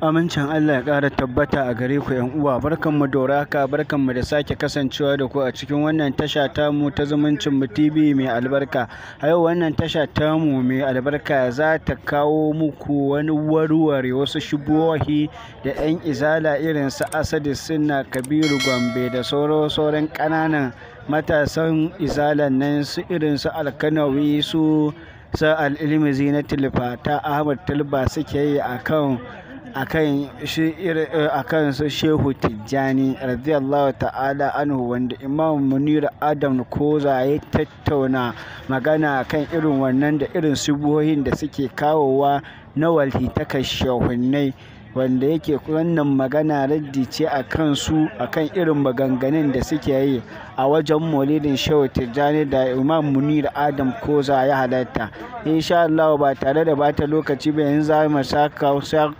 Amincin Allah ya ƙara tabbata a gare ku ‘yan uwa, barkanmu da waraka, barkanmu da sake kasancewa da ku a cikin wannan tasha tamu ta zumuncin mu TV mai albarka. A yau wannan tasha tamu mai albarka za ta kawo muku wani warware wasu shubuhohi da ‘yan izala irin su Asadi Sinna Kabiru Gombe da sauran ƙananan matasan izalan nan su irin su Alkanawi su sa al'ilmi zinati ta ahmad talba suke yi akan akan akan su shehu tijjani radiyallahu ta'ala anhu wanda imam munir adam koza ya tattauna magana kan irin wannan da irin subuhohin da suke kawowa na ta shehunnai wanda yake wannan magana raddi ce a kansu akan irin maganganun da suke yi a wajen maulidin shehu tijjani da imam munir adam koza ya halarta insha Allah ba tare da bata lokaci ba yanzu za mu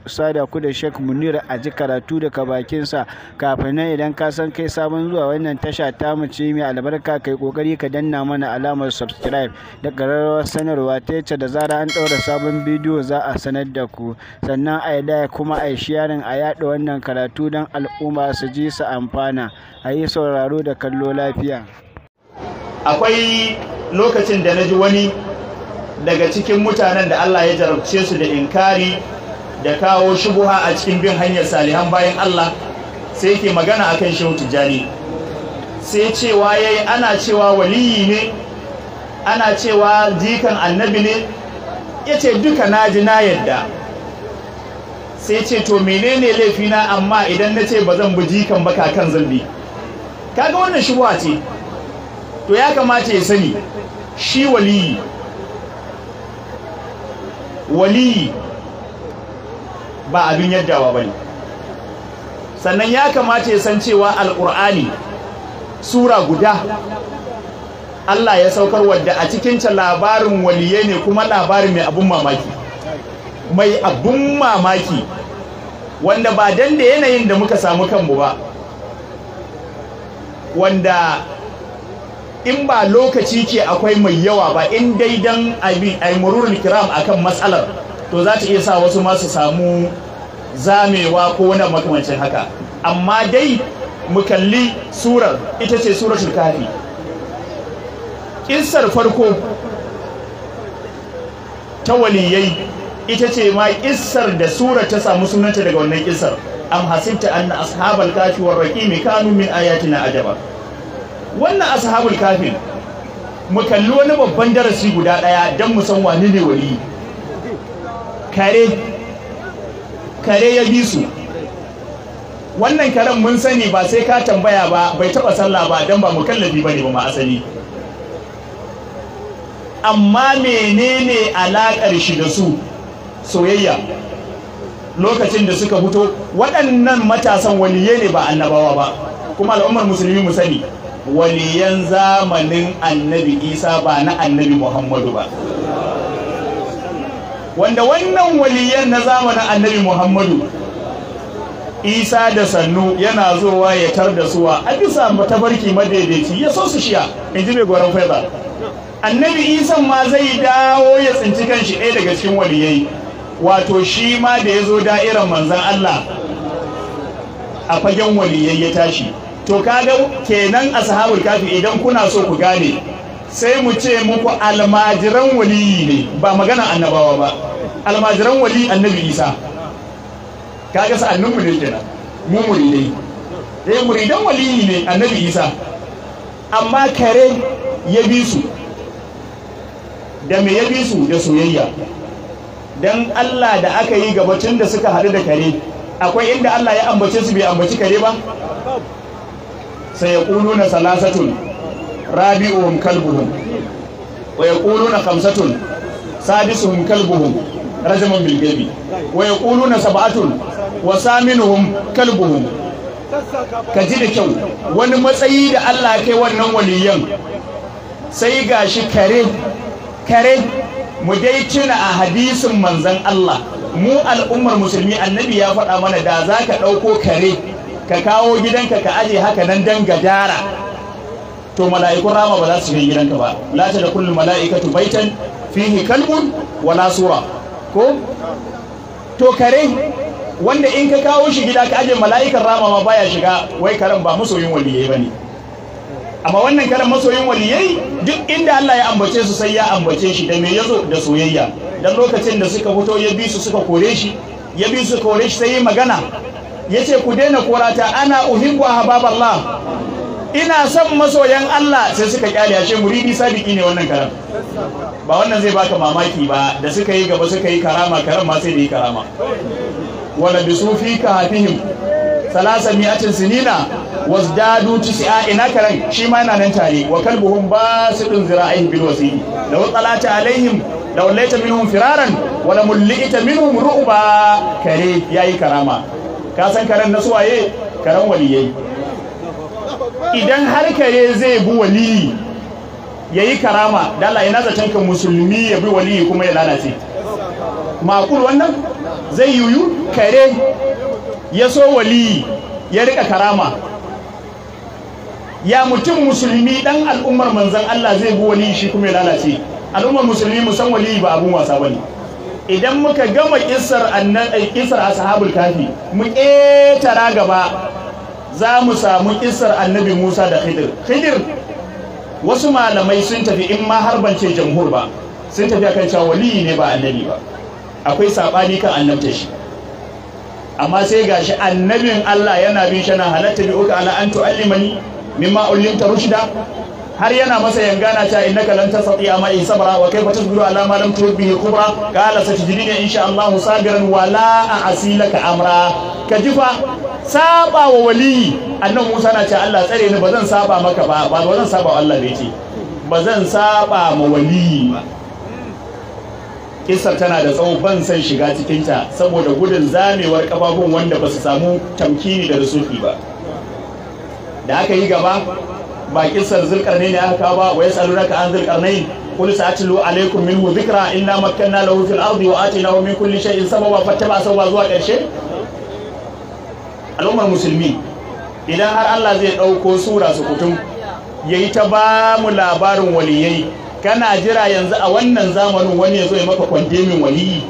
sada ku da Sheikh Munir a ji karatu daga bakinsa kafin nan idan ka san kai sabon zuwa wannan tasha ta mu ce mai albarka kai kokari ka danna mana alamar subscribe da ƙararrawar sanarwa ta yace da zara an ɗaura sabon bidiyo za a sanar da ku sannan a yi kuma a yi a yaɗa wannan karatu don al'umma su ji su amfana a yi sauraro da kallo lafiya akwai lokacin da na ji wani daga cikin mutanen da Allah ya jarabce su da inkari da kawo shubuha a cikin bin hanyar salihan bayan Allah sai yake magana akan shehu tijjani sai cewa yayi ana cewa waliyi ne ana cewa jikan annabi ne yace duka naji na yadda sai ce to menene laifina amma idan na ce ba zan bi jikan ba kakan zambi kaga wannan shubuha ce to ya kamata ya sani shi waliyi waliyi ba abin yaddawa ba ne sannan ya kamata ya san cewa alƙur'ani sura guda Allah ya saukar wadda a cikinta labarin waliye ne kuma labarin mai abun mamaki mai abun mamaki wanda ba dan da yanayin da muka samu kanmu ba wanda in ba lokaci ke akwai mai yawa ba in dai dan ai kiram akan matsalar to za ta iya sa wasu ma samu zamewa ko wani makamancin haka amma dai mu kalli surar ita ce surar kafi kissar farko ta waliyai ita ce ma kissar da surar ta samu sunanta daga wannan kissar am hasinta anna ashabal kafi war raqimi kanu min ayatina ajaba wannan ashabul kafin mu kalli wani babban darasi guda ɗaya don mu san wani ne wali kare kare ya bi su wannan karen mun sani ba sai ka tambaya ba bai taɓa sallah ba don ba mu kallafi ba ne ba ma asali amma menene alaƙar shi da su soyayya lokacin da suka fito waɗannan matasan waliye ne ba annabawa ba kuma al'ummar musulmi mu sani waliyan zamanin annabi isa ba na annabi muhammadu ba wanda wannan waliyan na zamanin annabi muhammadu isa da sannu yana zuwa ya tar da suwa a bisa matabarki madaidaici ya so su shiya in ji mai gwaron faiza annabi Isa ma zai dawo ya tsinci kanshi ɗaya daga cikin waliyai wato shi ma da ya zo da'irar manzan allah a fagen waliyai ya tashi to kaga kenan ashabul kafi idan kuna so ku gane sai mu ce muku almajiran waliyi ne ba magana annabawa ba almajiran wali annabi isa kaga sa annabi ne kenan mu muridai eh muridan waliyi ne annabi isa amma kare ya bi su da me ya bi su da soyayya dan Allah da aka yi gabatun da suka haɗu da kare akwai inda Allah ya ambace su bai ambaci kare ba سيقولون ثلاثة رابعهم كلبهم ويقولون خمسة سادسهم كلبهم na بالجيب ويقولون سبعة وثامنهم كلبهم ka ji da kyau wani matsayi da Allah kai wannan waliyan sai gashi shi kare mu dai tuna a hadisin manzon Allah mu al'ummar musulmi annabi ya faɗa mana da za ka ɗauko kare ka kawo gidanka ka aje haka nan dan gajara to mala'ikun rama ba za su shiga gidanka ba la ta da kullu mala'ikatu baitan fihi kalbun wala sura ko to kare wanda in ka kawo shi gida ka aje mala'ikan rama ma baya shiga wai karen ba masoyin ba bane amma wannan karen masoyin waliyai duk inda Allah ya ambace su sai ya ambace shi da me yazo da soyayya dan lokacin da suka fito ya bi su suka kore shi ya bi su kore shi sai magana Ya ce ku daina korata ana uhibbu ahbaballah ina son masoyan Allah sai suka kyale ashe muridi sadiki ne wannan karam ba wannan zai baka mamaki ba da suka yi gaba suka yi karama karam ma da yi karama wala bisufi ka hafihim salasa mi'atin sinina wazdadu tis'a ina karam shi ma yana nan tare wa kalbuhum basidun zira'in bil wasi law talata alaihim law laita minhum firaran wala mulli'ita minhum ru'ba kare yayi karama ka san karen na suwaye karen waliyai idan har kare zai bi waliyi ya yi karama dala ina zaton kan musulmi ya bi waliyi kuma ya lalace makul wannan zai yuyu kare ya so waliyi ya rika karama ya mutum musulmi dan al'ummar manzan Allah zai bi waliyi shi kuma ya lalace al'ummar musulmi musan waliyi ba abun wasa bane idan muka gama kisar annan eh, kisar ashabul kafi mu ƙetara gaba za mu samu kisar annabi Musa da Khidir Khidir wasu malamai sun tafi in ma har ban ce jamhur ba sun tafi akan cewa waliyi ne ba annabi ba akwai sabani kan annabta shi amma sai gashi annabin Allah yana bin shi na halatta bi uka ala antu allimani mimma ullimta rushda har yana masa yangana ta innaka lan tasati amma in sabra wa kaifa tasbiru ala ma lam turib bihi kubra qala satujidini insha Allah sabiran wa la asilaka amra ka fa saba wa waliyi annabi Musa na ce Allah tsare ni bazan saba maka ba ba bazan saba wa Allah bai ce bazan saba ma waliyi kisar tana da tsawo ban san shiga cikin ta saboda gudun zamewar kafafun wanda ba su samu tamkini da rusufi ba da aka yi gaba bakin sa zulkarnai ne aka ba wa yasalunaka an zulkarnai qul sa'atlu alaikum minhu dhikra inna makkanna lahu fil ardi wa atainahu min kulli shay'in sababa fattaba sababa zuwa karshe al'ummar musulmi idan har Allah zai dauko sura su kutum yayi ta ba mu labarin waliyai kana jira yanzu a wannan zamanin wani ya zo ya maka kwandemin waliyi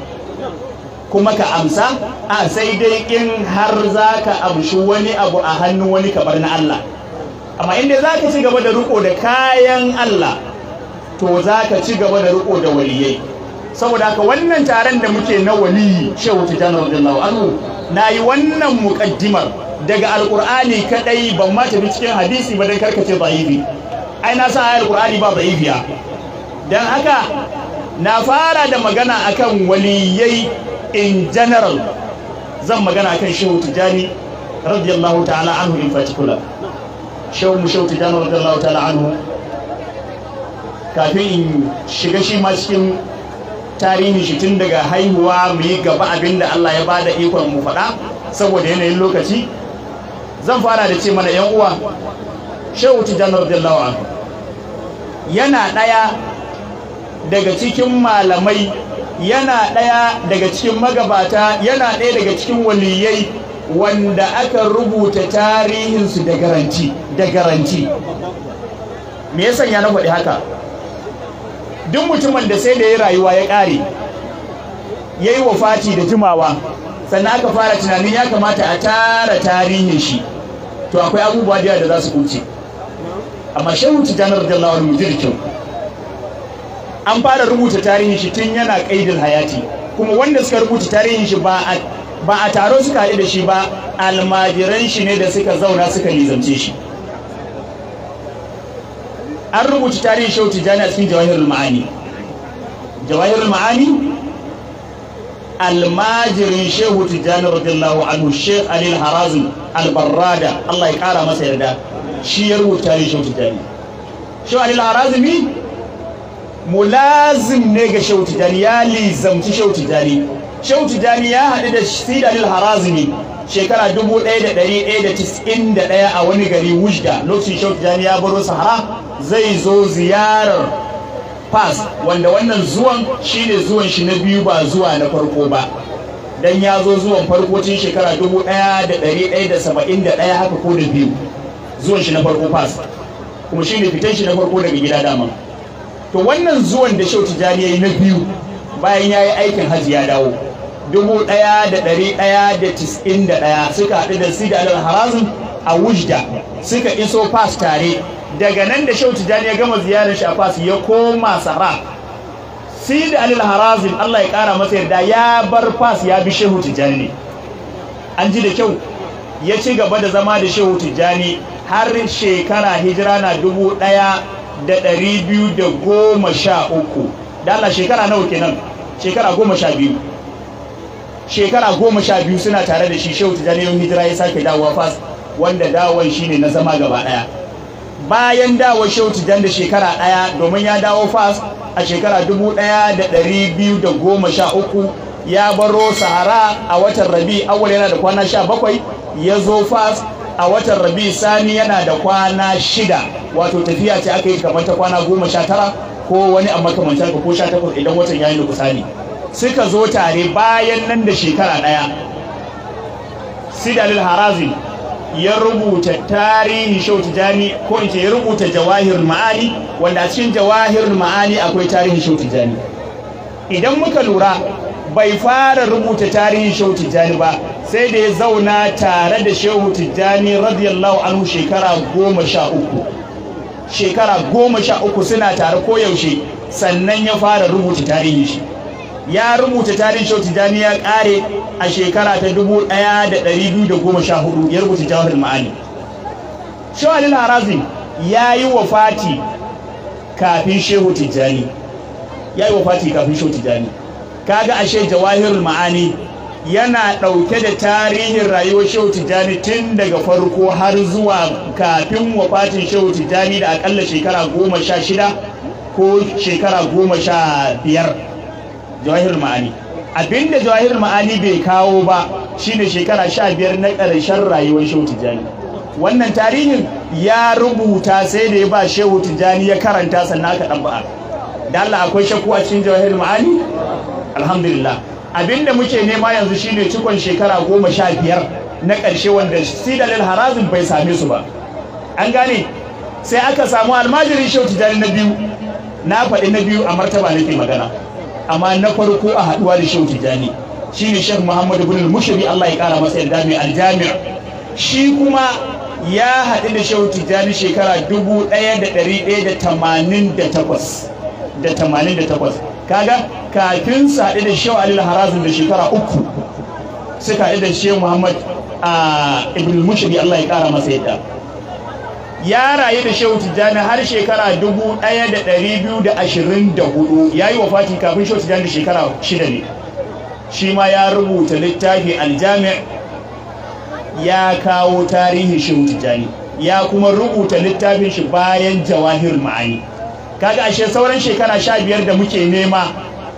kuma ka amsa a sai dai in har zaka ka amshi wani abu a hannun wani kabar na Allah amma inda za ka ci gaba da riko da kayan Allah to za ka ci gaba da riko da waliyai saboda haka wannan taron da muke na waliyi shehu tijjani radiyallahu anhu na yi wannan muƙaddimar daga alƙur'ani kaɗai ban ma tafi cikin hadisi ba dan karkace da'ifi ai na sa ayar alƙur'ani ba da'ifiya dan haka na fara da magana akan waliyai in general zan magana akan shehu tijjani radiyallahu ta'ala anhu in particular shehu mu shehu tijjani Allah ta'ala anhu kafin in shiga shi ma cikin tarihin shi tun daga haihuwa mu yi gaba abinda Allah ya bada ikon mu faɗa saboda yanayin lokaci zan fara da ce mana yan uwa shehu da Allah anhu yana ɗaya daga cikin malamai yana ɗaya daga cikin magabata yana ɗaya daga cikin waliyai wanda aka rubuta tarihinsu da garanti da garanti me ya sanya na faɗi haka duk mutumin da sai da ya rayuwa ya ƙare ya yi wafati da jimawa sannan aka fara tunanin ya kamata a tara tarihin shi to akwai abubuwa da da za su kuce amma shehu tijanar da lawar kyau an fara rubuta tarihin shi tun yana ƙaidin hayati kuma wanda suka rubuta tarihin shi ba a ba a taro suka haɗu da shi ba almajiran shi ne da suka zauna suka nizance shi an rubuta tarihin shehu jani a cikin jawahir ma'ani jawahir ma'ani almajirin shehu tijjani radiyallahu anhu sheikh alil harazin albarrada Allah ya kara masa yarda shi ya rubuta tarihin shehu tijjani shehu alil harazimi mulazim ne ga shehu tijjani ya lizamci shehu tijjani shehu tijani ya haɗu da sidalil harazimi shekara ɗaya a wani gari wujda lokacin shehu tijani ya baro sahara zai zo ziyarar fas wanda wannan zuwan shine zuwan shi na biyu ba zuwa na farko ba dan ya zo zuwan farko tun shekara ɗaya haka ko da biyu zuwan shi na farko fas kuma shine fitan shi na farko daga gida dama to wannan zuwan da shehu tijani ya yi na biyu bayan ya yi aikin hajji ya dawo dubu da ɗari ɗaya suka haɗu da sida da harazin a wujda suka iso fas tare daga nan da shautu tijjani ya gama ziyarar shi a fas ya koma sara sida alil harazin allah ya ƙara masa yarda ya bar fas ya bi shehu tijjani an ji da kyau ya ci gaba da zama da shehu tijani har shekara hijira na dubu ɗaya da da allah shekara nawa kenan shekara goma sha biyu shekara goma sha biyu suna tare da shi shehu tijjani yau hijira ya sake dawowa fas wanda dawon shi ne na zama gaba daya bayan dawon shehu tijjani da shekara daya domin ya dawo fas a shekara dubu daya da dari biyu da goma sha uku ya baro sahara a watan rabi awal yana da kwana sha bakwai ya zo fas a watan rabi sani yana da kwana shida wato tafiya ce aka yi kamar ta kwana goma sha tara ko wani a makamantar ko sha takwas idan watan ya yi kusa ne suka zo tare bayan nan da shekara ɗaya sidalil harazi ya rubuta tarihi shau jami ko ce ya rubuta jawahir ma'ani wanda a cikin jawahir ma'ani akwai tarihi shau jami idan muka lura bai fara rubuta tarihin shehu jami ba sai da ya zauna tare da shehu tijjani radiyallahu anhu shekara goma sha uku shekara goma sha uku suna tare koyaushe sannan ya fara rubuta tarihin shi ya rubuta tarihin shauti jani ya kare a shekara ta 1214 ya rubuta jawahar ma'ani shawalin harazi ya yi wa fati kafin shehu tijjani ya yi wa fati kafin shehu tijjani kaga ashe jawahirul ma'ani yana ɗauke da tarihin rayuwar shehu tijjani tun daga farko har zuwa kafin wafatin shehu tijjani da akalla shekara goma sha shida ko shekara goma sha biyar jawahirul ma'ani abinda jawahirul ma'ani bai kawo ba shine shekara sha biyar na ƙarshen rayuwar shehu tijjani wannan tarihin ya rubuta sai da ya ba shehu tijjani ya karanta sannan aka ɗan ba'a da Allah akwai shakku a cikin jawahirul ma'ani alhamdulillah abinda muke nema yanzu shine cikon shekara goma sha biyar na ƙarshe wanda sidalil harazin bai same su ba an gane sai aka samu almajirin shehu tijjani na biyu na faɗi na biyu a martaba nake magana amma na farko a haduwa da shehu tijjani shi ne shek muhammadu bin mushiri allah ya kara masa yarda mai aljami'a shi kuma ya haɗu da shehu tijjani shekara dubu da da tamanin da takwas kaga kafin su haɗu da shehu alil harazin da shekara uku suka haɗu da shehu muhammad a ah, ibn mushiri allah ya kara masa yadda ya rayu da shehu tijjani har shekara 1224 ya yi wa Fati kafin shehu tijjani da shekara shida ne shi ma ya rubuta littafi aljami ya kawo tarihin shehu tijjani ya kuma rubuta littafin shi bayan jawahir ma'ani kaga ashe sauran shekara sha biyar da muke nema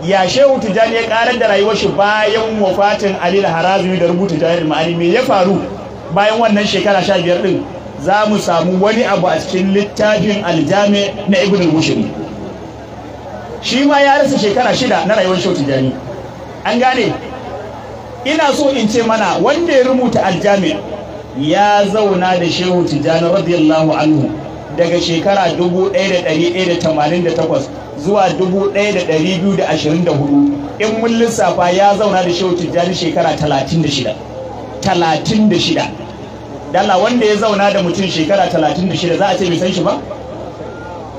ya shehu tijjani ya karar da rayuwar shi bayan wafatin ali da harazumi da rubuta jawahir ma'ani me ya faru bayan wannan shekara sha biyar din za mu samu wani abu a cikin littafin aljami na ibn al-mushri shi ma ya rasa shekara shida na rayuwar shautu Jami. an gane ina so in ce mana wanda ya rubuta aljami ya zauna da shehu tijani radiyallahu anhu daga shekara 1188 zuwa 1224 in mun lissafa ya zauna da shehu tijani shekara 36 36 dala wanda ya zauna da mutum shekara 36 za a ce bai san shi ba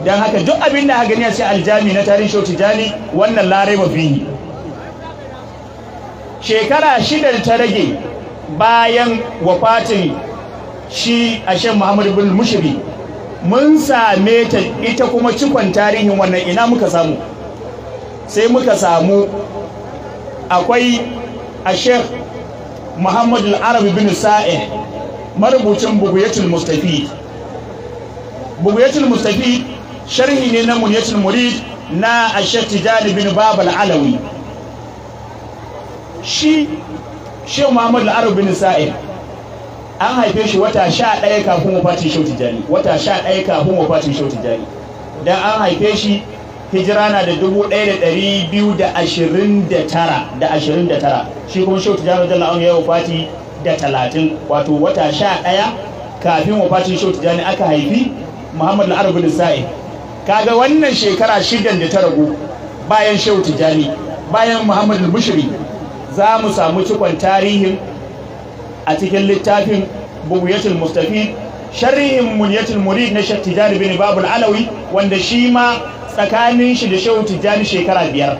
dan haka duk abin da gani a ce aljami na tarin shoti jani wannan larai ba bihi shekara shida ta rage bayan wafatin shi a shan muhammadu bin mushiri mun same ta ita kuma cikon tarihin wannan ina muka samu sai muka samu akwai a shek muhammadu arabi bin Sa'id. marubucin buguyatul mustafi buguyatul mustafi sharhi ne na munyatul murid na ashar tijani bin babal alawi shi shehu muhammad al'arab bin an haife shi wata sha ɗaya kafin wafatin shehu tijani wata sha ɗaya kafin wafatin shehu tijani don an haife shi hijira na da dubu da ɗari biyu da ashirin da tara shi kuma shehu tijani wajen la'aun ya wafati da talatin wato wata sha ɗaya kafin wafatin shehu jani aka haifi muhammadu arabu sa'i kaga wannan shekara shidan da ta ragu bayan shehu jani bayan muhammadu bushiri za mu samu cikon tarihin a cikin littafin buguyatul mustafi sharhin munyatul murid na shek jani bin babul alawi wanda shi ma tsakanin shi da shehu shekara biyar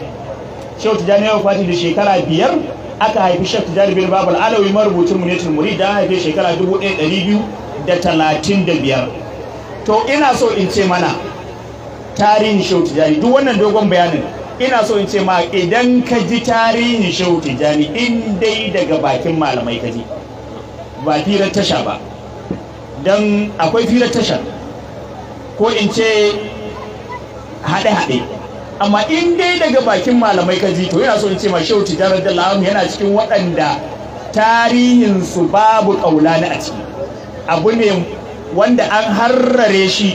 shehu tijjani ya wafati da shekara biyar aka haifi shek jaribin babal alawi marubucin munetin muri da haife shekara 1235 to ina so in ce mana tarihin shek tijjani duk wannan dogon bayanin ina so in ce ma idan ka ji tarihin shek tijjani in dai daga bakin malamai ka ji ba firar tasha ba don akwai firar tasha ko in ce haɗe-haɗe amma in dai daga bakin malamai ka ji to yana so in ce ma shehu da radiyallahu yana cikin waɗanda tarihinsu babu ƙaulani a ciki abu ne wanda an harrare shi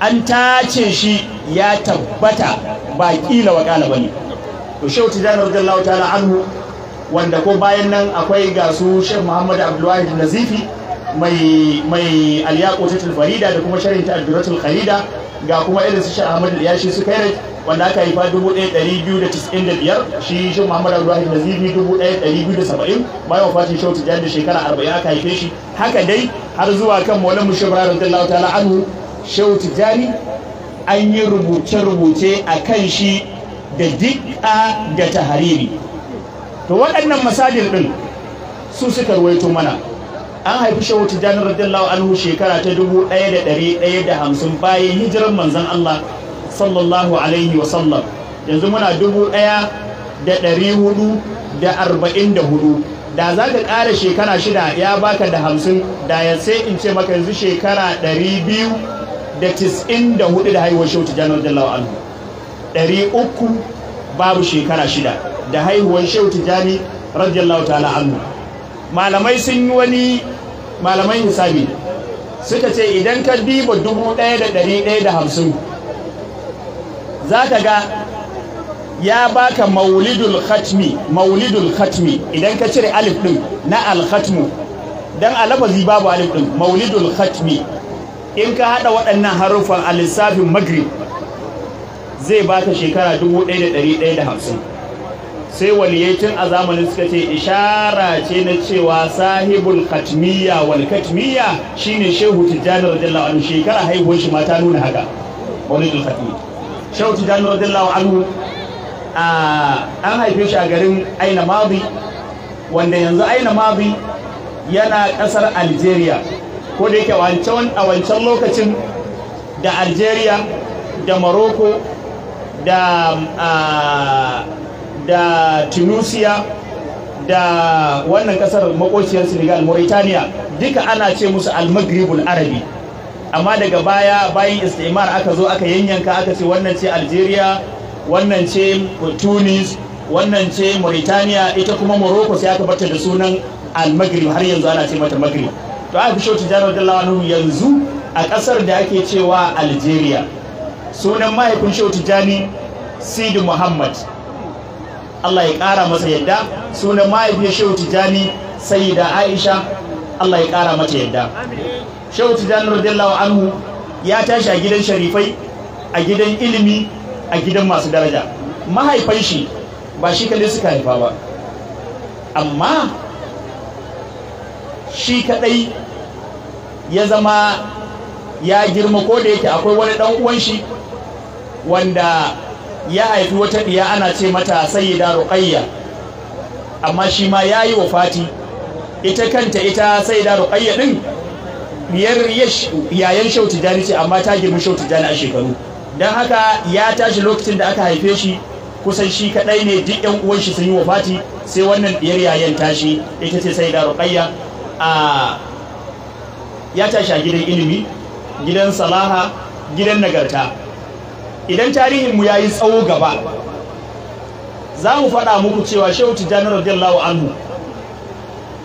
an tace shi ya tabbata ba kila wa ba bane to shehu da radiyallahu ta la'anu wanda ko bayan nan akwai ga su Sheikh Muhammad Abdullahi Nazifi mai mai Aliyaqutul Farida da kuma sharhin ta al ga kuma irin su Sheikh ya Yashi su kai wanda aka haifa 1295 shi shi Muhammad Abdullahi zibi 1270 bayan wafatin Shehu jihar da shekara 40 aka haife shi haka dai har zuwa kan Maulana da radiyallahu ta'ala anhu Shehu jari an yi rubuce-rubuce a kan shi da dika da tahariri to waɗannan masajin ɗin su suka ruwaito mana an haifi shehu tijjani radiyallahu anhu shekara ta dubu ɗaya da ɗari ɗaya da hamsin bayan hijirar manzan Allah sallallahu alaihi wa yanzu muna dubu ɗaya da ɗari hudu da arba'in da hudu da za ka ƙara shekara shida ya baka da hamsin da ya sai in ce maka yanzu shekara ɗari biyu da tis'in da hudu da haihuwar shehu tijjani radiyallahu anhu ɗari uku babu shekara shida da haihuwar shehu tijjani radiyallahu ta'ala anhu malamai sun yi wani malamai hisabi suka ce idan ka diba dubu ɗaya da ɗari ɗaya da hamsin za ka ga ya baka maulidul khatmi maulidul khatmi idan ka cire alif ɗin na alkhatmu don a lafazi babu alif ɗin maulidul khatmi in ka haɗa waɗannan haruffan a lissafin magrib zai baka shekara dubu ɗaya da ɗari ɗaya da hamsin sai waliyacin a zamanin suka ce ishara ce na cewa sahibul katmiya wal katmiya shine shehu tijjani radiyallahu anhu shekara haihuwar shi ma ta nuna haka Wani khatmi shehu tijjani radiyallahu anhu an haife shi a garin aina mabi wanda yanzu aina mabi yana kasar algeria ko da yake a wancan lokacin da algeria da morocco da da tunisia da wannan kasar makociyar senegal mauritania duka ana ce musu almagribul arabi amma daga baya bayan istimar aka zo aka yanyanka aka ce wannan ce algeria wannan ce tunis wannan ce mauritania ita kuma morocco sai aka bata da sunan almagrib har yanzu ana ce mata magrib to aka fi shoti janar da yanzu a kasar da ake cewa algeria sunan mahaifin shoti jani sidi muhammad Allah ya ƙara masa yadda sunan mahaifiyar shehu tijani da aisha Allah ya ƙara masa yadda shehu tijani radiyallahu anhu ya tashi a gidan sharifai a gidan ilimi a gidan masu daraja mahaifan shi ba shi kaɗai suka haifa ba amma shi kaɗai ya zama ya girma ko da yake akwai wani ɗan uwan shi wanda ya haifi wata ɗiya ana ce mata sayyida ruqayya amma shi ma yayi wafati ita kanta ita sayyida ruqayya din biyar yayan shau jani ce amma ta girma shau jani a shekaru don haka ya tashi lokacin da aka haife shi kusan shi kaɗai ne duk yan uwan shi sun yi wafati sai wannan diyar yayan tashi ita ce sayyida ruqayya a ya tashi a gidan ilimi gidan salaha gidan nagarta idan tarihinmu ya yi tsawo gaba za mu faɗa muku cewa shehu tijjani radiyallahu anhu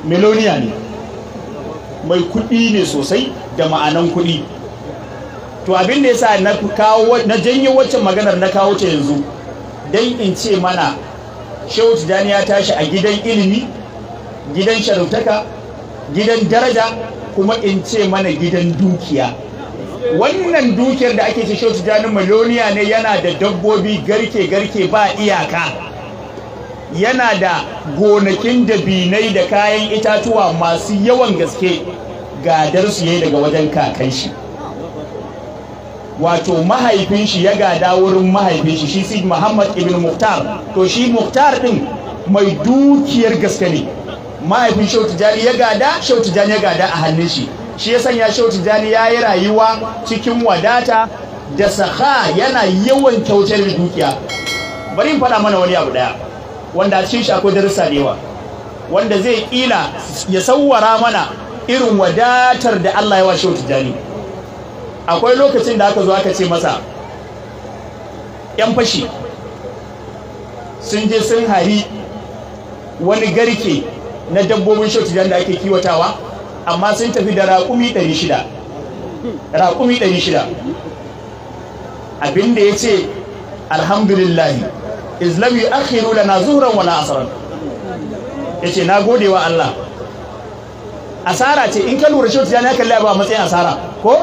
miloniya ne mai kuɗi ne sosai da ma'anan kuɗi to abin da yasa na kawo na janyo waccan maganar na kawo ta yanzu dan in ce mana shehu tijjani ya tashi a gidan ilimi gidan sharautaka gidan daraja kuma in ce mana gidan dukiya wannan dukiyar da ake ce shoti janin miliyoniya ne yana da dabbobi garke-garke ba iyaka yana da gonakin dabinai da kayan itatuwa masu yawan gaske gadar su yayi daga wajen kakan shi wato mahaifin shi ya gada wurin mahaifin shi shi si muhammad ibn muhtar to shi muhtar din mai dukiyar gaske ne mahaifin shautu jani ya gada shautu jani ya gada a hannun shi shi ya sanya shehu tijjani ya yi rayuwa cikin wadata da saha yana yawan kyautar da dukiya bari in faɗa mana wani abu ɗaya wanda cikin shi akwai darussa da yawa wanda zai ƙila ya sauwara mana irin wadatar da Allah ya wa shehu tijjani akwai lokacin da aka zo aka ce masa yan fashi sun je sun hari wani garke na dabbobin shehu tijjani da ake kiwatawa amma sun tafi da raƙumi 600 raƙumi 600 abinda ya ce alhamdulillahi islami ya akhiru da na zuhuran wani asarar ya ce na gode wa Allah asara ce in ka lura shirta ya kalli abuwa a matsayin asara ko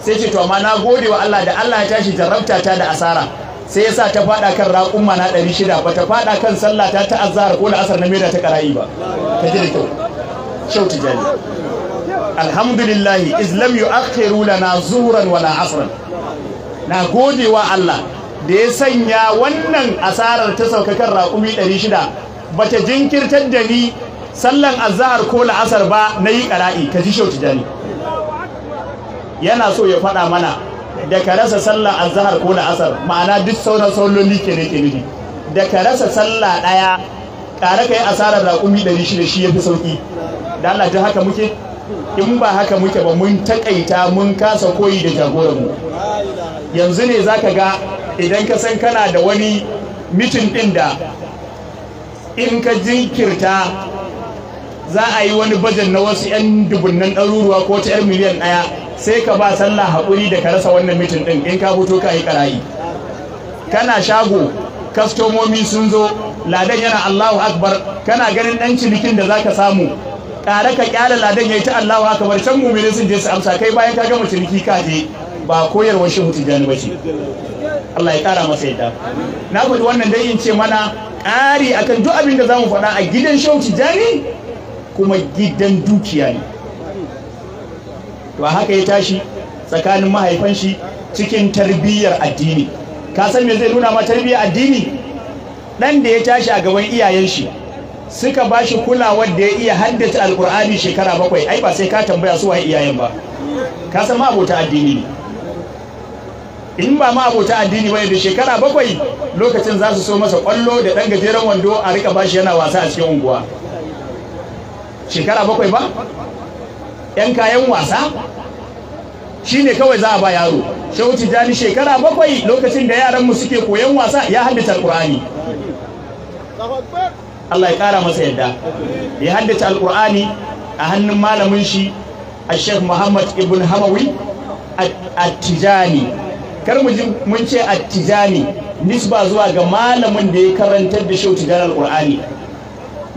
sai ce to amma na gode wa Allah da Allah ya tashi jarabta ta da asara sai ya sa ta fada kan raƙumma na 600 ba ta fada kan sallah ta ta'azzara, ko da asar na mera ta karayi ba ka ji da kyau shautu jani alhamdulillah islam yu'akhiru lana zuhuran wala asran na gode wa Allah da ya sanya wannan asarar ta saukakar raƙumi 600 bata jinkirtar da ni sallan azahar ko la'asar ba na yi ƙara'i ka ji shau jani yana so ya faɗa mana da ka rasa sallan azahar ko la'asar ma'ana duk sauran sauloli ke ne ke da ka rasa sallah ɗaya ƙara ka yi asarar raƙumi 600 shi ya fi sauƙi da Allah ta haka muke in ba haka muke ba mun takaita mun kasa koyi da jagoranmu yanzu ne za ka ga idan ka san kana da wani mitin din da in ka jinkirta za a yi wani bajan na wasu 'yan dubunnan ɗaruruwa ko ta 'yan miliyan ɗaya sai ka ba sallah haƙuri da ka rasa wannan mitin ɗin in ka fito ka yi ƙarayi kana shago kastomomi sun zo ladan yana allahu akbar kana ganin ɗan cinikin da za ka samu tare ka kyala ladan yayi ta Allahu kamar can mu'mini sun je su amsa kai bayan ka gama ciniki ka je ba koyarwar hutu tijani bace Allah ya kara masa yadda na faɗi wannan dai in ce mana ƙari akan duk abin da zamu faɗa a gidan shehu jani kuma gidan dukiya ne to haka ya tashi tsakanin mahaifan shi cikin tarbiyyar addini ka san me zai nuna ma tarbiyyar addini dan da ya tashi a gaban iyayen shi suka ba shi kulawar da ya iya haddace alkur'ani shekara bakwai ai ba sai ka tambaya su waye iyayen ba ka san ma abota addini ne in ba ma abota addini ba da shekara bakwai lokacin za su so masa kwallo da ɗan gajeren wando a rika bashi yana wasa a cikin unguwa shekara bakwai ba yan kayan wasa shi ne kawai za a ba yaro shehu jani shekara bakwai lokacin da yaran mu suke koyan wasa ya haddace alkur'ani Allah ya kara masa yadda ya haddace alqur'ani a hannun malamin shi Sheikh Muhammad Ibn Hamawi At-Tijani kar mu mun ce At-Tijani nisba zuwa ga malamin da ya karantar da shi Tijani alqur'ani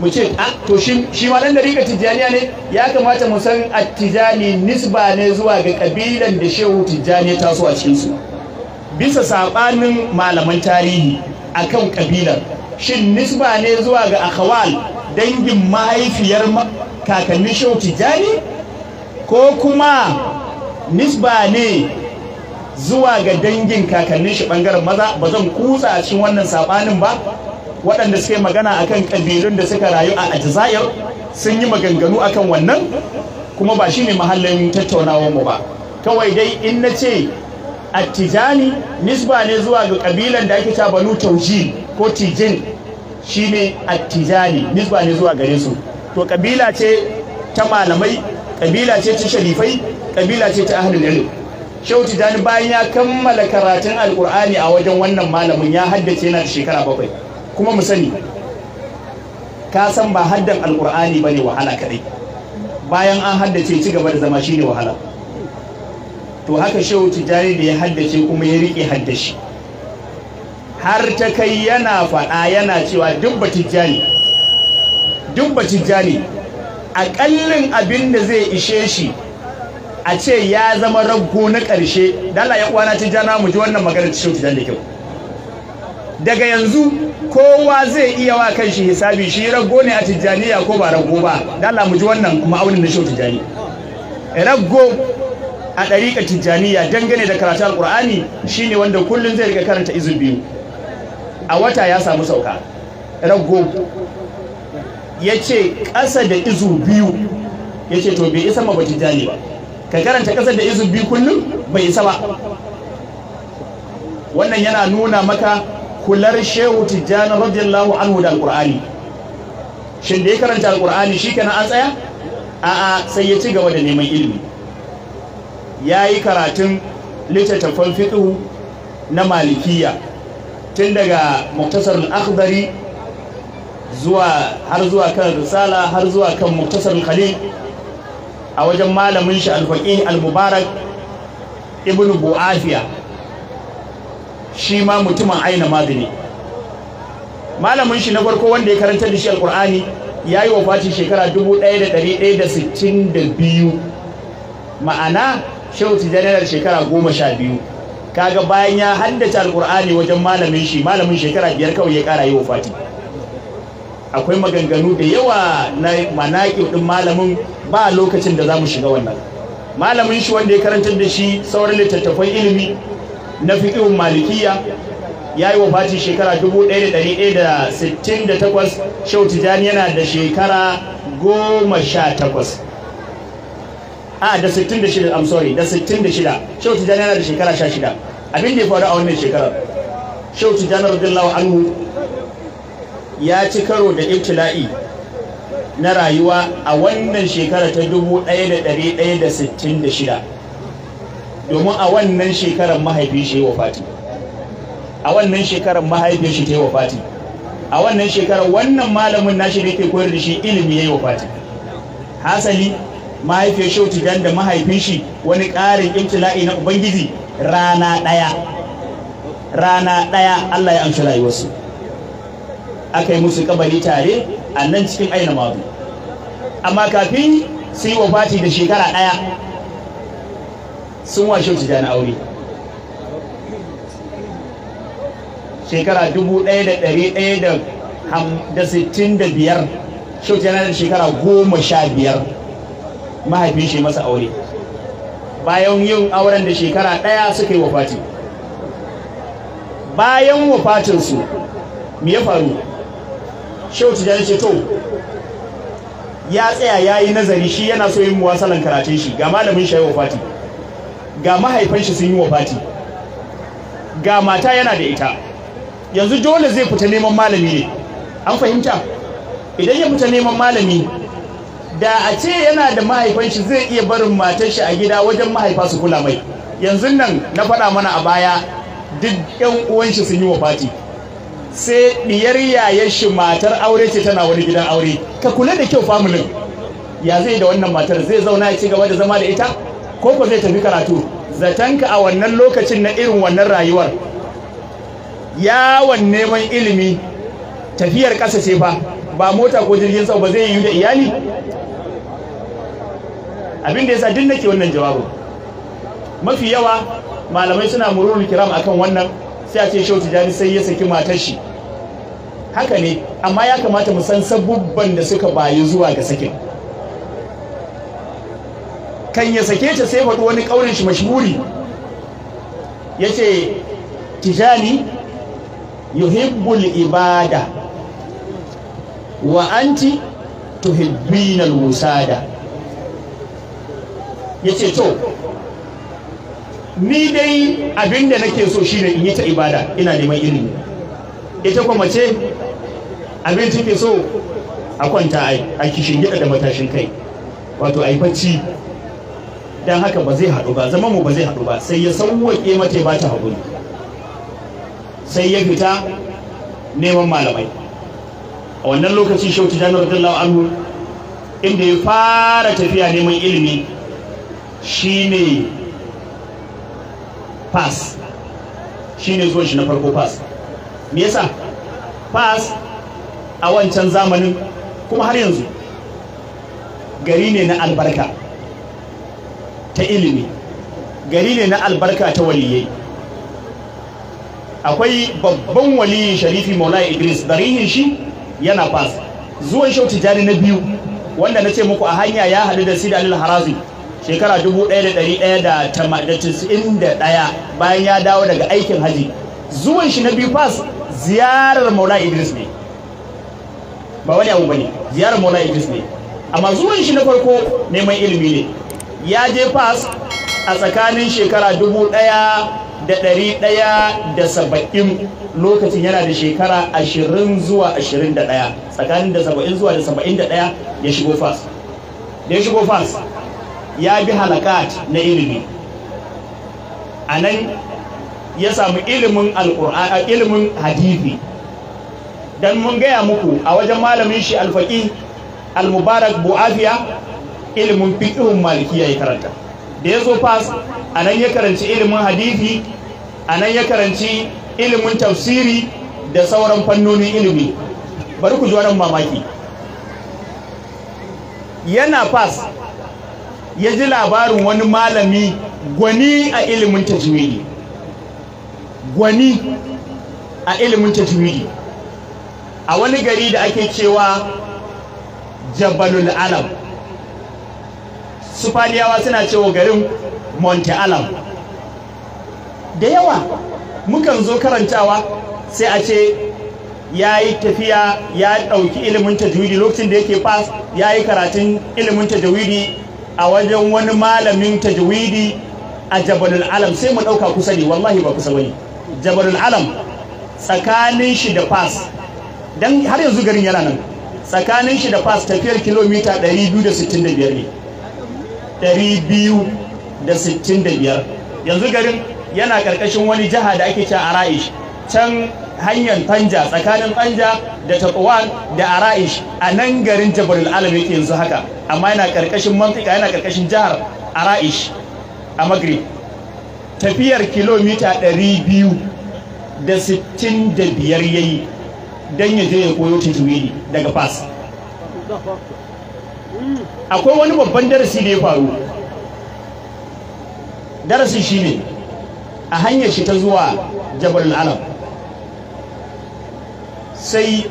mu ce a ah, to shi shi ma dan dariƙa tijaniya ne ya kamata mu san At-Tijani nisba ne zuwa ga kabilan da Shehu Tijani ta so a cikin su bisa sabanin malaman tarihi akan ƙabilar shin nisba ne zuwa ga Akawal dangin mahaifiyar kakannin shehu tijjani ko kuma nisba ne zuwa ga dangin kakannin shi ɓangaren maza ba zan kutsa a cikin wannan saɓanin ba waɗanda suke yi magana kan kabilun da suka rayu a ajizayar sun yi maganganu akan wannan kuma ba shi ne mahallin tattaunawar mu ba kawai dai in na ce attijani nisba ne zuwa ga kabilan da ake cewa banu tauji ko tijin shine attijani nisba ne zuwa gare su to kabila ce ta malamai kabila ce ta sharifai kabila ce ta ahlul ilm shehu tijani bayan ya kammala karatun alkur'ani a wajen wannan malamin ya haddace yana da shekara bakwai kuma mu sani ka san ba haddan alkur'ani bane wahala kadai bayan an haddace ci gaba da zama shine wahala to haka shehu tijjani da ya haddace kuma ya riƙe haddashi har ta kai yana faɗa yana cewa dubba tijjani dubba tijjani aƙallin abin da zai ishe shi a ce ya zama raggo na ƙarshe dala ya uwana tijjana mu ji wannan maganar shehu tijjani da kyau daga yanzu kowa zai iya wa kan shi hisabi shi raggo ne a tijjaniya ko ba raggo ba dala mu ji wannan kuma aunin na shehu tijjani raggo a ɗariƙar tijjaniya dangane da karatu alƙur'ani shine wanda kullum zai riga karanta izu biyu a wata ya samu sauka rago ya ce ƙasa da izu biyu ya ce to bai isa ma tijjani ba ka karanta ƙasa da izu biyu kullum bai isa ba wannan yana nuna maka kular shehu tijjani radiyallahu anhu da alƙur'ani shin da ya karanta alƙur'ani shi kenan an tsaya a'a sai ya ci gaba da neman ilimi ya yi karatun littattafan fiƙihu na malikiya tun daga muktasar al har zuwa kan risala har zuwa kan muktasar khalil a wajen malamin shi al al-mubarak Ibn bu'afiya shi ma mutumin aina magani. malamin shi na farko wanda ya karanta da shi al yi wa wafati shekara 1162 ma'ana shehu janarar yana shekara goma sha biyu kaga bayan ya haddace alkur'ani wajen malamin shi malamin shekara biyar kawai ya kara yi wa fati akwai maganganu da yawa na manaƙi ɗin malamin ba lokacin da za mu shiga wannan malamin shi wanda ya karantar da shi sauran littattafan ilimi na fiƙihun malikiya ya yi wa Fati shekara 1168 Shauti Jani yana da shekara goma sha takwas. a ah, da 66 I'm sorry da 66 Shehu Tijjani yana da shekara 16 abin da ya faru a wannan shekarar Shehu Tijjani radiyallahu anhu ya ci karo da ibtila'i na rayuwa a wannan shekara ta 1166 domin a wannan shekarar mahaifi shi wa fati a wannan shekarar mahaifi shi ta yi wa fati a wannan shekarar wannan malamin nashi da ke koyar da shi ilimi ya yi wa fati hasali mahaifiyar shehu Dan da mahaifin shi wani ƙarin imtila'i na ubangiji rana ɗaya rana ɗaya Allah ya amshi rayuwarsu aka yi musu kabari tare a nan cikin aina mabu amma kafin su yi wafati da shekara ɗaya sun washe na aure shekara dubu ɗaya da ɗari ɗaya da sittin da biyar shau tijjani da shekara goma sha biyar mahaifin shi masa aure bayan yin auren da shekara ɗaya suka yi wafati bayan wafatinsu me ya faru shehu tijjani ce to ya tsaya ya yi nazari shi yana so yin muwasalan karatun shi ga malamin shi ya yi wafati ga mahaifin shi sun yi wafati ga mata yana da ita yanzu dole zai fita neman malami ne an fahimta idan ya fita neman malami da a ce yana da mahaifan shi zai iya barin matar shi a gida wajen mahaifa su kula mai yanzu nan na faɗa mana a baya duk yan uwan shi sun yi wa fati. sai diyar yayar shi matar aure ce tana wani gidan aure ka kula da kyau familin ya zai da wannan matar zai zauna ya ci gaba da zama da ita ko ba zai tafi karatu zatanka a wannan lokacin na irin wannan rayuwar yawon neman ilimi tafiyar ƙasa ce fa ba mota ko jirgin sau ba zai yi da iyali abin da sa duk nake wannan jawabin mafi yawa malamai suna mururu kiram akan wannan sai a ce shautu Jami sai ya saki matar shi haka ne amma ya kamata mu san sabubban da suka bayi zuwa ga sakin kan ya sake ta sai faɗi wani ƙaurin shi mashmuri ya ce tijani yuhibbul ibada wa anti tuhibbina al musada yace to ni dai abinda nake so shine in yi ta ibada ina neman ilimi ita kuma ce abin take so a kwanta a kishin gida da matashin kai wato a yi bacci don haka ba zai haɗu ba zaman mu ba zai haɗu ba sai ya wake mata ba ta haƙuri sai ya fita neman malamai a wannan lokaci shauti jani radiyallahu anhu inda ya fara tafiya neman ilimi shine pass shine zuwan shi na farko pass me yasa pass a wancan zamanin kuma har yanzu gari ne na albarka ta ilimi gari ne na albarka ta waliyai akwai babban waliyin sharifi maulai idris darihin shi yana pass zuwan shau tijani na biyu wanda na ce muku a hanya ya haɗu da sida alil harazi shekara 1191 bayan ya dawo daga aikin haji zuwan shi na biyu pass ziyarar maula idris ne ba wani abu bane ziyarar maula idris ne amma zuwan shi na farko neman ilimi ne ya je pass a tsakanin shekara 1000 da ɗari ɗaya da saba'in lokacin yana da shekara ashirin zuwa ashirin da ɗaya tsakanin da saba'in zuwa da saba'in da ɗaya ya shigo fas ya shigo fas ya bi halakat na ilimi a nan ya samu ilimin a ilimin hadithi dan mun gaya muku a wajen malamin shi alfaƙi almubarak bu'afiya ilimin fiqhun malikiya ya karanta da ya zo fas a nan ya karanci ilimin hadithi a nan ya karanci ilimin tafsiri da sauran fannonin ilimi bari ku ji mamaki yana fas ya ji labarin wani malami gwani a ilimin tajwidi gwani a ilimin tajwidi a wani gari da ake cewa jabalul alam sufaniyawa suna cewa garin monte alam da yawa mukan zo karantawa sai a ce ya yi tafiya ya ɗauki ilimin tajwidi lokacin da yake fas ya yi karatun ilimin tajwidi a wajen wani malamin tajwidi a jabalul alam sai mu ɗauka kusa ne wallahi ba kusa bane jabalul alam tsakanin shi da fas dan har yanzu garin yana nan tsakanin shi da fas tafiyar kilomita 265 ne 265 yanzu garin yana karkashin wani jiha da ake ce Ara'ish can hanyar Tanja tsakanin Tanja da Taqwan da Ara'ish a nan garin Jabal al-Alam yake yanzu haka amma yana karkashin mantika yana karkashin jihar Ara'ish a Maghrib tafiyar kilomita 265 yayi dan ya je ya koyo tajwidi daga Fas akwai wani babban darasi da ya faru darasi shine a hanyar shi ta zuwa jabal al'alam sai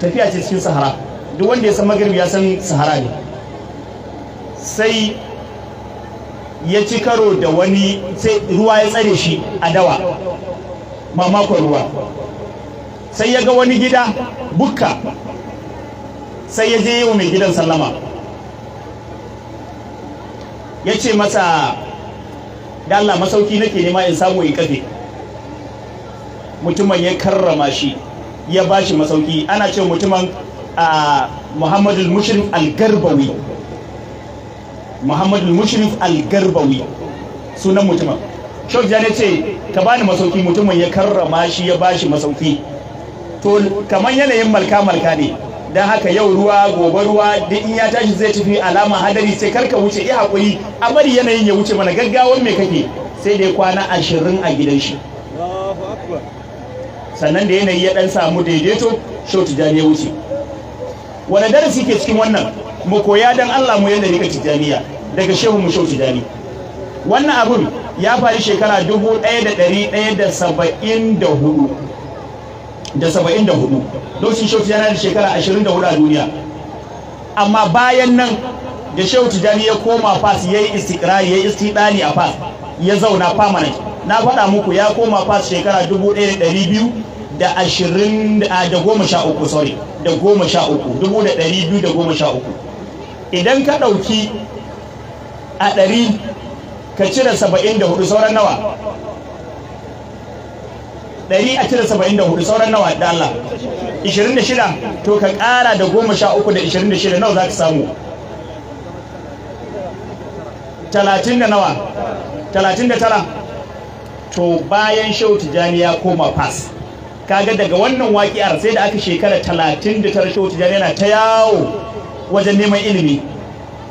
tafiya ce cikin sahara duk wanda ya san magrib ya san sahara ne sai ya ci karo da wani sai ruwa ya tsare shi a dawa mamakon ruwa sai ya ga wani gida bukka sai ya je yau mai gidan sallama ya ce masa da Allah masauki nake nema in samu in kafe mutumin ya karrama shi ya bashi masauki ana ce mutumin a Muhammadul Mushrif Al-Garbawi Muhammadul Mushrif Al-Garbawi sunan mutumin Sheikh ya ce ka bani masauki mutumin ya karrama shi ya bashi masauki to kamar yanayin malka malka ne don haka yau ruwa gobe ruwa duk in ya tashi zai tafi alama hadari sai karka wuce iya hakuri a bari yanayin ya wuce mana gaggawan mai kake sai dai kwana ashirin a gidan shi sannan da yanayi ya ɗan samu daidaito shau tijjani ya wuce wani darasi ke cikin wannan mu koya don allah mu yadda rika tijjaniya daga shehu mu shau tijjani wannan abun ya faru shekara dubu ɗaya da ɗari ɗaya da saba'in da hudu da saba'in da hudu lokacin shauti yana da shekara ashirin da hudu a duniya amma bayan nan da shehu tijjani ya koma fas ya yi istiƙirari ya yi istiɗani a fas ya zauna famanai na faɗa muku ya koma fas shekara dubu ɗaya da ɗari biyu da ashirin da goma sha uku sorry da goma sha uku dubu da ɗari biyu da goma sha uku idan ka ɗauki a ɗari ka cire saba'in da hudu sauran nawa ɗari a saba'in da hudu sauran nawa da Allah ishirin da shida to ka ƙara da goma sha uku da ishirin da shida nawa za ka samu talatin da nawa tara to bayan shau jani ya koma fas kaga daga wannan waƙiyar sai da aka shekara talatin da tara shau tijjani yana ta yawo wajen neman ilimi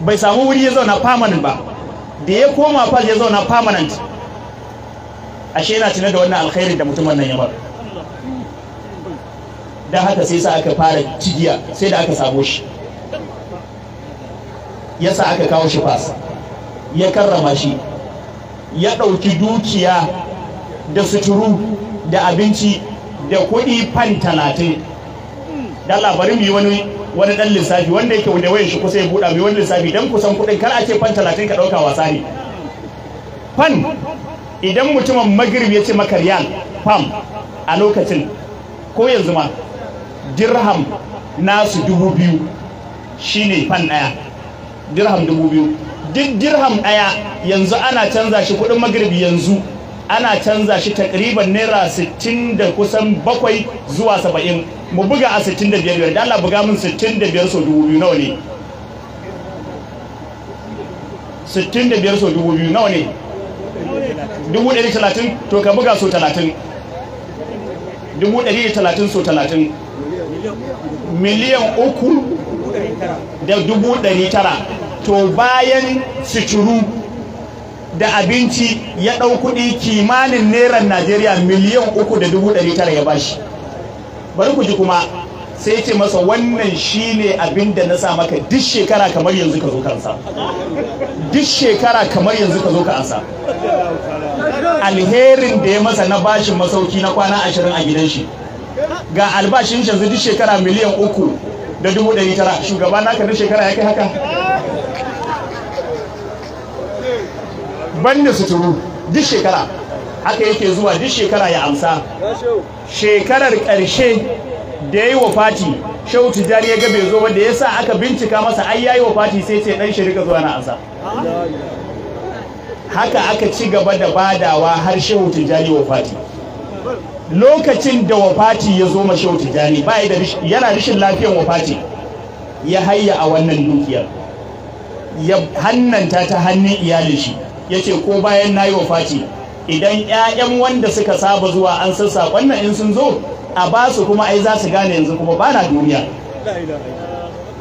bai samu wuri ya zauna permanent ba da ya koma fas ya zauna permanent ashe yana tuna da wannan alkhairin da mutumin nan ya bar dan haka sai sa aka fara cigiya sai da aka samu shi ya sa aka kawo shi fas ya karrama shi ya ɗauki dukiya da suturu da abinci da kuɗi fan talatin da labarin yi wani wani dan lissafi wanda yake wanda wayan shi kusa ya buɗa mai wani lissafi dan kusan kuɗin kar a ce fan talatin ka ɗauka wasa ne fan idan mutumin magrib ya ce maka riyal fam a lokacin ko yanzu ma dirham nasu dubu biyu shi ne fan ɗaya dirham dubu biyu duk dirham ɗaya yanzu ana canza shi kuɗin magrib yanzu ana canza shi takriban naira sittin da kusan bakwai zuwa saba'in mu buga a sittin da biyar da Allah buga min sittin da biyar so dubu biyu nawa ne sittin da biyar so dubu biyu nawa ne dubu ɗari talatin to ka buga so talatin dubu ɗari talatin so talatin miliyan uku da dubu ɗari tara to bayan suturu da abinci ya ɗau kuɗi kimanin naira najeriya miliyan uku da dubu ɗari tara ya bashi bari ku ji kuma sai ce masa wannan shine abin da na sa maka duk shekara kamar yanzu ka zo ka ansa duk shekara kamar yanzu ka zo ka ansa alherin da ya masa na bashin masauki na kwana ashirin a gidan shi ga albashin shi yanzu duk shekara miliyan uku da dubu ɗari tara shugaba naka duk shekara ya kai haka da suturu duk shekara haka yake zuwa duk shekara ya amsa shekarar ƙarshe da ya yi wa Fati shehu tijjani ya ga bai zo ba da sa aka bincika masa ai wa Fati sai ce dan shirika zuwa na asa haka aka ci gaba da badawa har shehu tijjani Fati. lokacin da wa Fati ya zo ma shehu tijjani ba yana rishin lafiyan Fati ya hayya a wannan dukiyar ya hannanta ta hannun iyalin shi ya ce ko bayan na yi wa Fati idan 'ya'yan wanda suka saba zuwa an sassa wannan in sun zo a ba su kuma ai za su gane yanzu kuma ba na duniya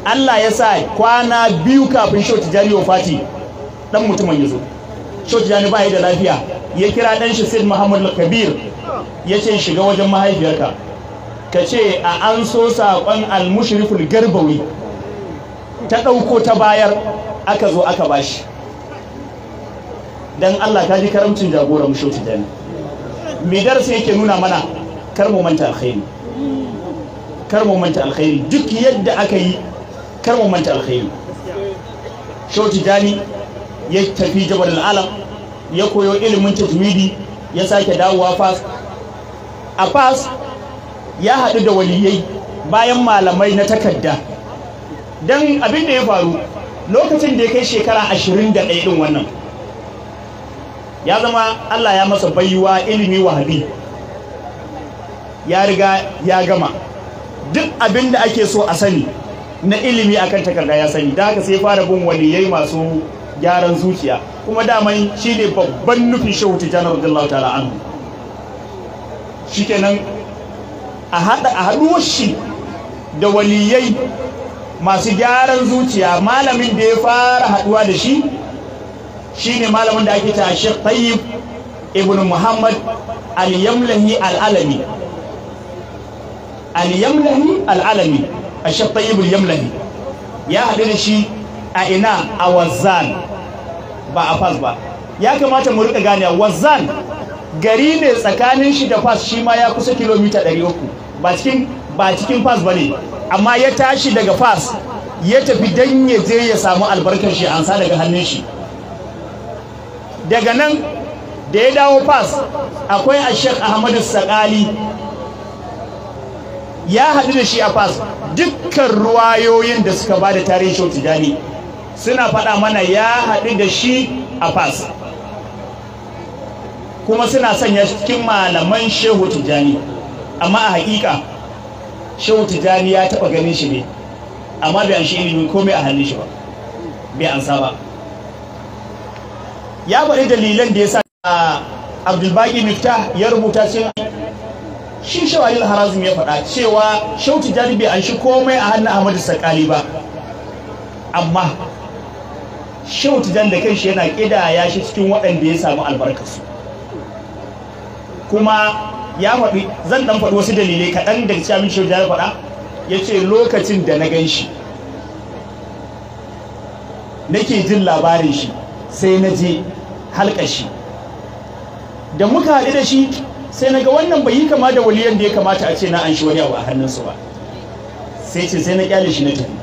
Allah ya sa kwana biyu kafin jani wa Fati dan mutumin ya zo jani ba yi da lafiya ya kira dan shi sid Muhammad Kabir ya ce shiga wajen mahaifiyarka ka ce a an so saƙon almushriful garbawi ta ɗauko ta bayar aka zo aka bashi dan Allah ta ji karamcin jagoran shoti jani mai darasi yake nuna mana kar mu manta alkhairi kar mu manta alkhairi duk yadda aka yi kar mu manta alkhairi shoti dani ya tafi jabal al'alam ya koyo ilimin tajwidi ya sake dawowa fas a fas ya haɗu da waliyai bayan malamai na takarda don abin da ya faru lokacin da ya kai shekara ashirin da ɗaya ɗin wannan ya zama allah ya masa baiwa ilimi wahabi ya riga ya gama duk abin da ake so a sani na ilimi akan takarda ya sani da haka sai fara bin waliyai masu gyaran zuciya kuma daman shi ne babban nufin ta nabi Allah ta'ala anhu shikenan a hada a haɗuwar shi da waliyai masu gyaran zuciya malamin da ya fara haɗuwa da shi shine malamin da ake ta Sheikh Tayyib ibn Muhammad al-Yamlahi al-Alami al-yamlahi al-alami ash yamlahi ya haɗu da shi a ina a wazan ba a fas ba ya kamata mu rika gane wazan gari ne tsakanin shi da fas shi ma ya kusa kilomita 300 ba cikin ba cikin fas ba ne. amma ya tashi daga fas ya tafi dan ya je ya samu albarkar shi an sa daga hannun shi daga nan da ya dawo fas akwai ashek ahmadu sakali ya haɗu da shi a fas dukkan ruwayoyin da suka ba da tarihin shehu tijjani suna faɗa mana ya haɗu da shi a fas kuma suna sanya cikin malaman shehu tijjani amma a haƙiƙa shehu tijani ya taɓa ganin shi ne amma bai an shi ilimin komai a hannun shi ba bai an ba ya faɗi dalilan da ya sa ah, abdulbaki Mifta ya rubuta cikin shi shawayil harazim ya faɗa cewa shautu jari bai anshi komai a hannun ahmadu sakali ba amma shautu jan da shi yana ya shi cikin waɗanda ya samu albarkasu. kuma ya faɗi zan ɗan faɗi wasu dalilai kaɗan daga cewa min shautu ya faɗa ya ce lokacin da na gan shi nake jin labarin shi sai na je halƙa shi da muka haɗu da shi sai na ga wannan bai yi kama da waliyan da ya kamata a ce na an shi wani abu a hannunsu ba sai ce sai na kyale shi na tafi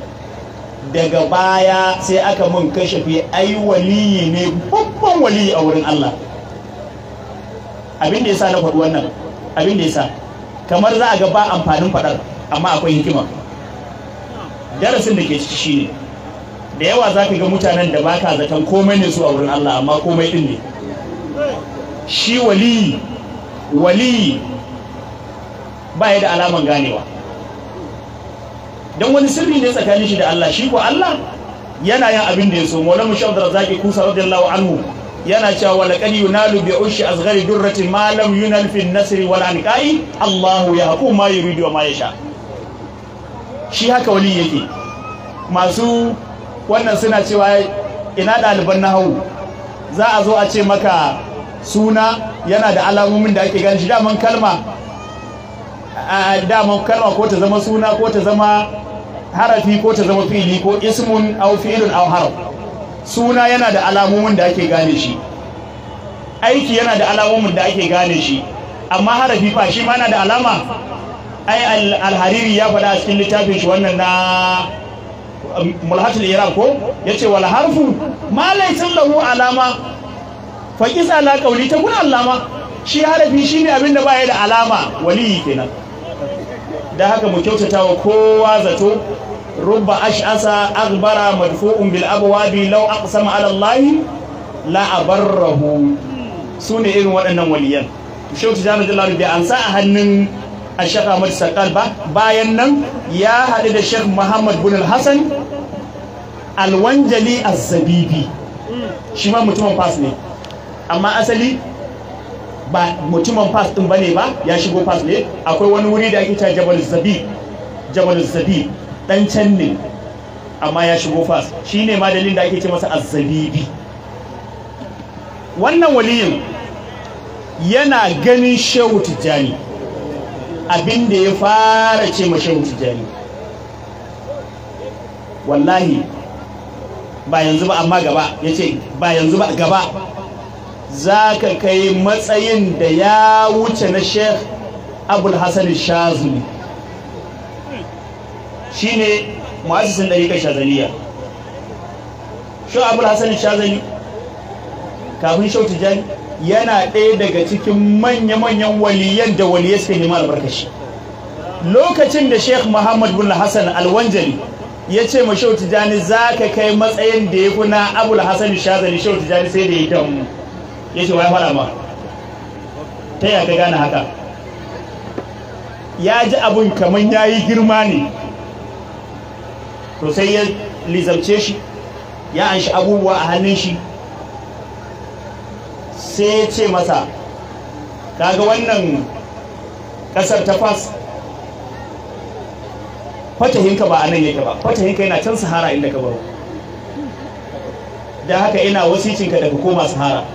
daga baya sai aka mun kashafi ai waliyi ne babban waliyi a wurin Allah abin da yasa na faɗi wannan abin da yasa kamar za a ga ba amfanin faɗar amma akwai hikima darasin da ke ciki shine da yawa za ka ga mutanen da ba ka zaton komai ne su a wurin Allah amma komai din ne shi waliyi Wali ba da alaman ganewa don wani sirri ne tsakanin shi da Allah shi ko Allah yana yin abin da ya so mu mushaf da razaki kusa radiyallahu anhu yana cewa wala qad yunalu bi ushi asghari durratin ma lam yunal fi nasri wal anqai Allah ya haku ma yuridu ma yasha shi haka wali yake masu wannan suna cewa ina ɗaliban nahawu za a zo a ce maka suna yana da alamomin da ake gane shi daman kalma daman kalma ko ta zama suna ko ta zama harafi ko ta zama fili ko ismun au fi'ilun au harf suna yana da alamomin da ake gane shi aiki yana da alamomin da ake gane shi amma harafi fa shi ma yana da alama ai alhariri ya faɗa a cikin littafin shi wannan na um, mulhatul iraq ko yace wal harfu ma laysa lahu alama faƙis ala kauli ta kuna alama. shi harafi shi ne abin da baya da alama waliyi kenan da haka mu kyautata wa kowa zato rubba ash'asa agbara madfu'un bil abwabi law aqsama ala allahi la abarrahu ne irin waɗannan waliyan shehu tijani jalal bai ansa a hannun ashaq ahmad sakal ba bayan nan ya haɗu da shek muhammad bin al alwanjali az-zabibi shi ma mutumin fas ne amma asali ba mutumin pass din bane ba ya shigo pass ne akwai wani wuri da ake cewa Jabal Zabi Jabal Zabi dan can ne amma ya shigo pass shine ma dalilin da ake ce masa azzabibi wannan waliyin yana ganin Shehu Tijjani abin da ya fara ce ma Shehu Tijjani wallahi ba yanzu ba amma gaba yace ba yanzu ba gaba za ka kai matsayin da ya wuce na sheikh abul hassan shazuli shi ne ma'asisin ɗariƙar shazaliya shi abul hassan shazali kafin shautu jan yana ɗaya daga cikin manya-manyan waliyan da waliyar suka nema albarkashi lokacin da sheikh muhammad bin hassan alwanjali ya ce ma shautu jani za ka kai matsayin da ya kuna abul hassan shazali shautu jani sai da ya damu ya ce wai fara ma ta ya ka gane haka ya ji abin kamar ya yi girma ne to sai ya lizarce shi ya anshi abubuwa a hannun shi sai ya ce masa kaga wannan kasar ta fas fatahinka ba a nan yake ba fatahinka yana can sahara inda ka baro da haka ina wasicinka daga koma sahara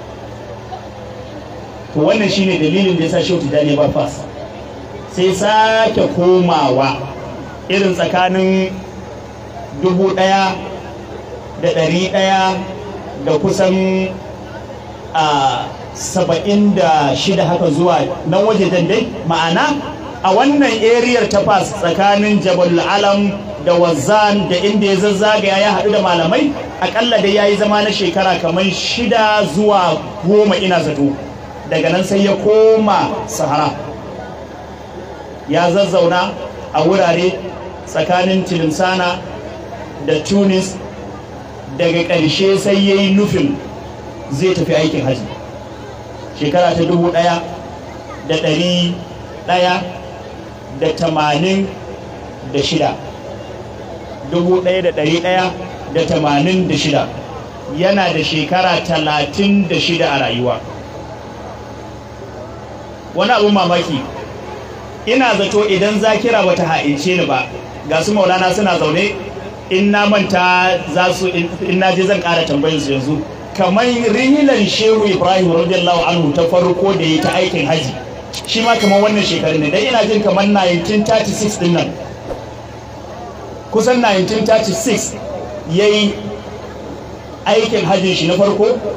to wannan shine dalilin da yasa shehu tijani ba fas sai sake komawa irin tsakanin dubu ɗaya da ɗari ɗaya da kusan a saba'in da shida haka zuwa nan wajejen dai ma'ana a wannan eriyar ta fas tsakanin jabal alam da wazan da inda ya zazzagaya ya haɗu da malamai aƙalla dai ya yi zama na shekara kamar shida zuwa goma ina zato daga nan sai ya koma sahara ya zazzauna a wurare tsakanin tilimsana da tunis daga ƙarshe sai ya yi nufin zai tafi aikin hajji shekara ta dubu ɗaya da ɗari ɗaya da tamanin da shida dubu ɗaya da ɗari ɗaya da tamanin da shida yana da shekara talatin da shida a rayuwa wani abin mamaki ina zato idan zakira bata ha'ince ni ba ga su maulana suna zaune in na manta za su in na je zan ƙara tambayin su yanzu kamar rihilan shehu ibrahim radiyallahu anhu ta farko da ya ta aikin haji shi ma kamar wannan shekarun ne dan ina jin kamar 1936 din nan kusan 1936 yayi aikin hajjin shi na farko